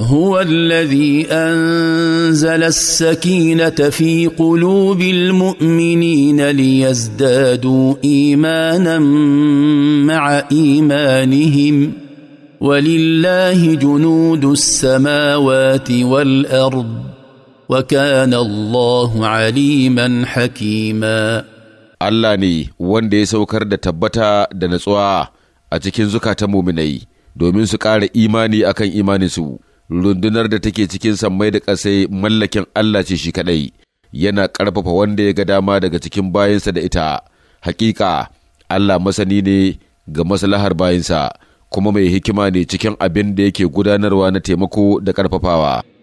هو الذي انزل السكينه في قلوب المؤمنين ليزدادوا ايمانا مع ايمانهم ولله جنود السماوات والارض وكان الله عليما حكيما الله ne wanda ya saukar da tabbata da natsuwa a cikin zukatan muminai domin su ƙara imani akan imaninsu rundunar da take cikin sammai da ƙasai mallakin Allah ce shi kaɗai, yana ƙarfafa wanda ya ga dama daga cikin bayansa da ita, hakika Allah masani ne ga maslahar bayansa, kuma mai hikima ne cikin abin da yake gudanarwa na taimako da ƙarfafawa.